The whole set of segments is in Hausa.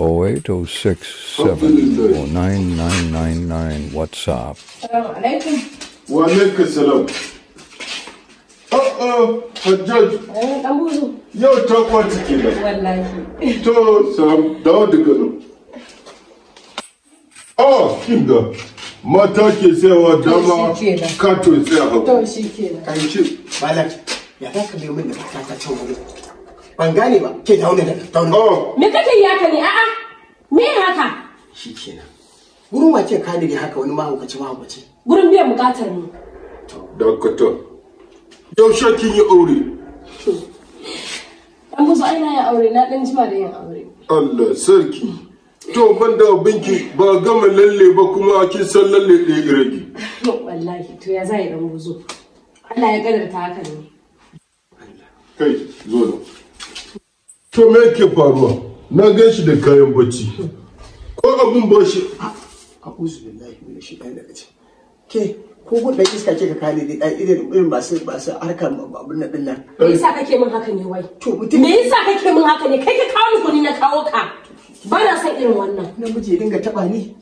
0806709999 WhatsApp. Walaikum salam. Uh-oh, Hajjaj. Yau ta kwanta kenan. Wallahi. To, some dawo the Oh, kin ga. Mata ke dama kato sai hagu. To shi kenan. Kan ci, Malak, ya za ka biyo min ban gane ba ke wani da oh me kake yi haka ne a'a me haka shikenan gurin wace ka dige haka wani mahaukaci mahaukaci gurin biyan bukatar mu dokto yaushe kin yi aure an buzo aina ya aure na dan jima da yin aure Allah sarki to ban da binki ba gama lalle ba kuma kin san lalle da ya rage wallahi to ya zai dan buzo Allah ya kadarta haka ne kai zo na. to me yake faruwa na gan shi da kayan bacci ko abun ba shi a da lafi min shi da daga ke ko da iska ke ka kare dai irin irin masu su harkar babu na din nan me yasa kake min haka ne wai to mutum me yasa kake min haka ne kai ka kawo ko kuni na kawo ka ba na san irin wannan namiji dinga taba ni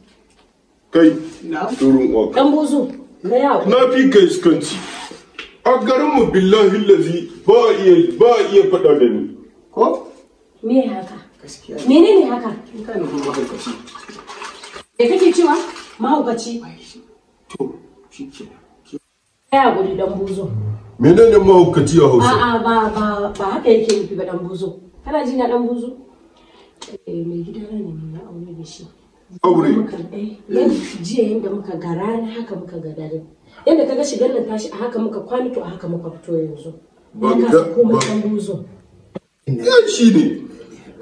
kai na turun uwa dan bozo na yawo na fi kai iskanci a garin mu billahi lazi ba iya ba iya fada da ni ko me haka menene haka kin ne kuma ne me kake cewa mahaukaci to ne ya guri dan buzo ne mahaukaci a Hausa a'a ba ba ba haka yake nufi ba dan buzo kana ji na dan buzo eh, mai gidana ne na aure da shi aure eh, jiya yadda muka ga rana haka muka ga dare ka ga shigar nan tashi a haka muka kwanito a haka muka fito yanzu ba ka koma dan Yan shi ne,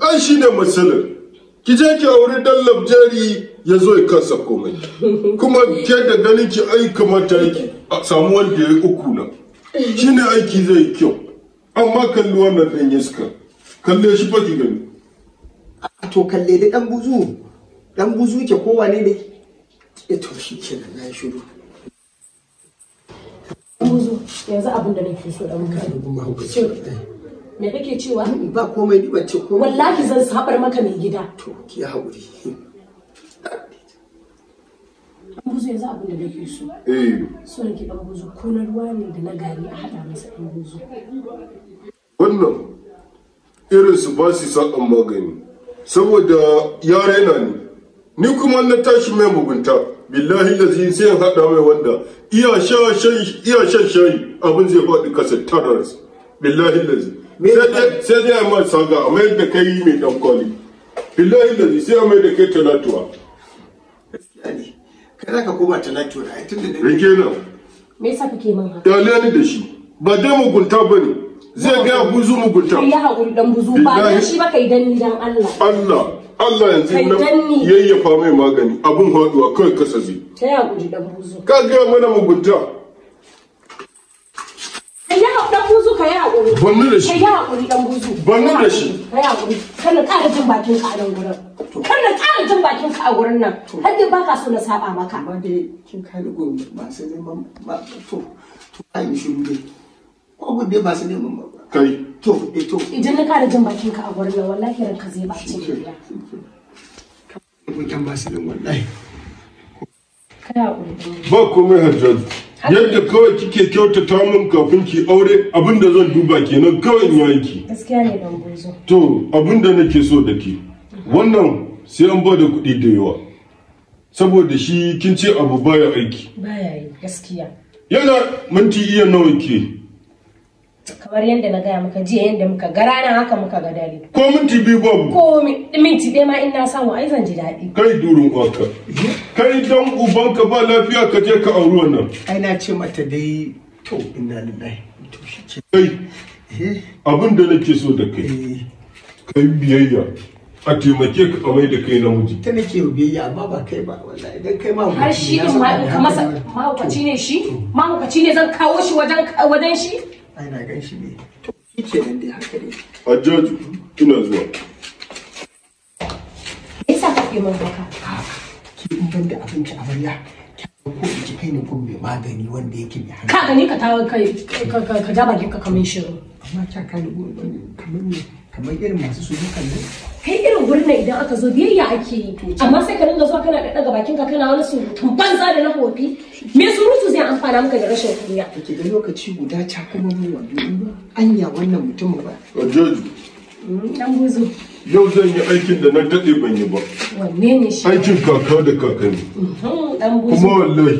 an shi ne matsalar. Ki je ki auri dan labjari ya zo ya kansa komai. Kuma ke da ganin ki ai kamata yake a samu wanda ya yi uku na. Shi ne aiki zai yi kyau. Amma kalli wannan ɗan iska. Kalle shi fa ki gani. To kalle da ɗan buzu. Ɗan buzu ke kowane ne. Ya eh, to shi kenan na shiru. Buzu yanzu abin da nake so ɗan buzu. me kake cewa ba komai ni bace komai wallahi zan sabar maka mai gida to ki haƙuri buzu yanzu abin da nake so eh so nake dan buzu ko na ruwa ne da na gari a hada masa dan buzu wannan irin su ba su amma magani saboda yare na ni ni kuma na tashi mai mugunta billahi lazi sai an hada mai wanda iya shan shayi abin zai faɗi kasa tarar billahi lazi sai dai amma saga a mayar da yi mai dan kwali billahi da sai a mayar da kai talatuwa kada ka koma talatuwa ai tun da rike nan me yasa kake man haka dalilin da shi ba dai mugunta bane zai ga buzu mugunta kai ya hakuri dan buzu ba dan shi ba kai dan dan Allah Allah Allah yanzu na yayyafa mai magani abun haduwa kai kasazi ta ya hakuri dan buzu ka ga mana mugunta dan ka yi hakuri bannu da shi ka yi dan bannu da shi ka yi ƙara jin bakin ka a nan gurin ƙara jin bakin ka a gurin nan har dai so na saba maka dai kin kai to to ai dai ko gudu dai kai to eh, to idan na ƙara jin bakin ka a gurin nan wallahi zai kan ba wallahi ba komai yadda kawai kike kyautata min kafin ki aure abin da zan duba kenan kawai in yi ki gaskiya ne bozo to abin da nake so da ke wannan sai an ba da kuɗi da yawa saboda shi kin ce abu baya aiki baya yi gaskiya yana minti iya nawa ke kamar yadda na gaya maka jiya yadda muka ga rana haka muka ga dare ko minti biyu babu ko minti ɗaya ma in na samu ai zan ji daɗi kai durin uwanka kai dan ubanka ba lafiya ka je ka auri wannan ai na ce mata dai to ni dai. to shi kai eh. abin da nake so da kai eh. kai biyayya a taimake ka mai da kai namiji ta nake biyayya amma ba kai ba wallahi idan kai ma har shi in ma ka masa mahaukaci ne shi mahaukaci ne zan kawo shi wajen wajen shi ai na gan shi ne shi ke nan dai haka ne hajjaju kina zuwa me yasa kake min haka ki in ban da abinci amarya ko in ji kai ne kun mai magani wanda yake mai hankali ka gani ka tawo kai ka ja bakin ka kamar shiru amma kya kani kamar kamar irin masu su dukan nan kai gurin nan idan aka zo biyayya ake yi amma sai ka dinga zuwa kana da daga bakin ka kana wani surutun banza da na hofi me surutu zai amfana maka da rashin kunya kake da lokaci guda ta kuma mu wando anya wannan mutumin ba Jojo mm, dan buzu yau zan yi aikin da na dade ban yi ba wanne ne shi aikin kaka da kakanni mm-hmm, dan buzu kuma wallahi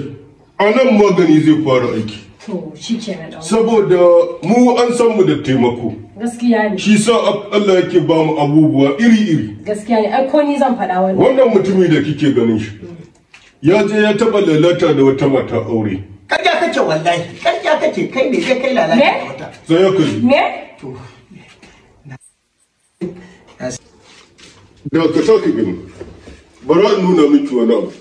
anan magani zai fara aiki to shikenan saboda mu an san mu da taimako gaskiya ne shi sa Allah yake ba mu abubuwa iri-iri gaskiya ne ai ko ni zan faɗa wani wannan mutumi da kike ganin shi ya je ya taba lalata da wata mata aure ƙarya kake wallahi ƙarya kake kai ne kai lalata da wata sai ya kaji me da ka sa ki gani bara nuna miki wani abu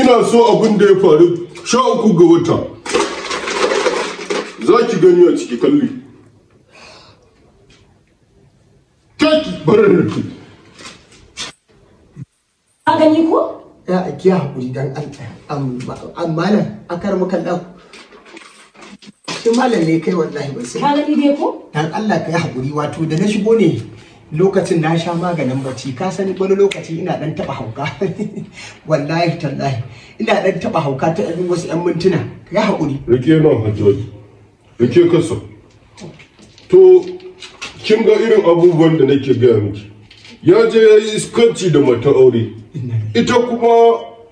ina so abin da ya faru sha uku ga wata za ki gani a ciki kalli kaki barin ki a gani ko ya a kiya hakuri dan Allah amma nan akar ku shi malam ne kai wallahi ba sai ka gani dai ko dan Allah ka yi hakuri wato da na shigo ne lokacin na sha maganin bacci ka sani wani lokaci ina dan taba hauka wallahi tallahi ina dan taba hauka ta abin wasu yan mintuna ya hakuri rike nan hajjoji rike kasa to kin ga irin abubuwan da nake gaya miki ya je ya yi iskanci da mata aure ita kuma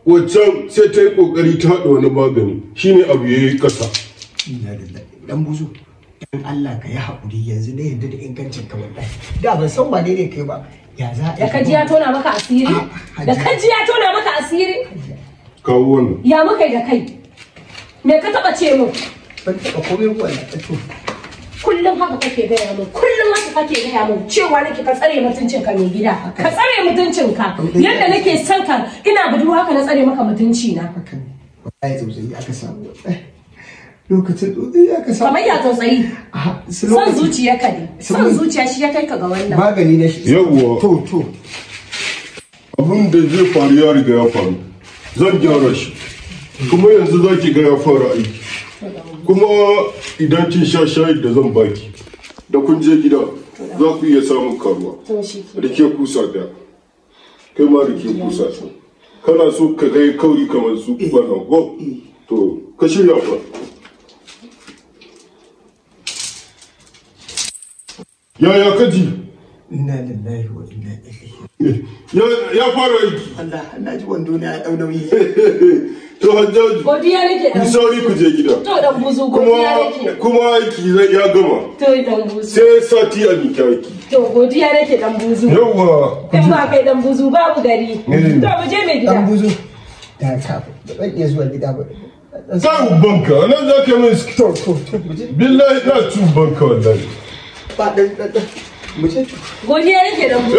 waccan sai ta yi ƙoƙari ta haɗa wani magani shine abu ya yi ƙasa dan buzu dan Allah ka yi haƙuri yanzu na yadda da ingancin ka wallahi da ban san wane ne kai ba ya za da kaji ya tona maka asiri ah, da kaji ya tona maka asiri kawo wannan ya maka da kai me ka taba ce mu ban taba komai wannan ta to kullum haka kake gaya mun kullum haka kake gaya mun cewa nake ka tsare mutuncin ka mai gida ka tsare mutuncin ka yadda nake son ka ina budurwa haka na tsare maka mutunci na haka ne wallahi tausayi aka samu lokacin tsotsi ya ka samu kamar ya tsotsayi ah, son zuciya ka ne son zuciya shi ya kai ka ga wannan magani na shi yawwa to to abin da zai faru ya riga ya faru zan gyara shi kuma yanzu za ki ga ya fara aiki kuma idan kin sha shayi da zan baki da kun je gida za ku iya samun karuwa rike kusa da kai ma rike kusa kana so ka ga kauri kamar su na ko eh, eh. to ka shirya fa yaya kaji inna lillahi wa inna ilaihi eh, ya fara aiki Allah na ji wando na ya dau nauyi to hajjaji godiya nake dan sauri ku je gida to dan buzu godiya nake kuma aiki ya gama to dan buzu sai sati a miki aiki to godiya nake dan buzu yawa in ba kai dan buzu babu gari to mu je mai gida dan buzu da ka ba zan iya zuwa gida ba Zan banka, nan za ka yi min skito. Billahi na cin banka wallahi. ba ɗan ɗan ɗan yake da mu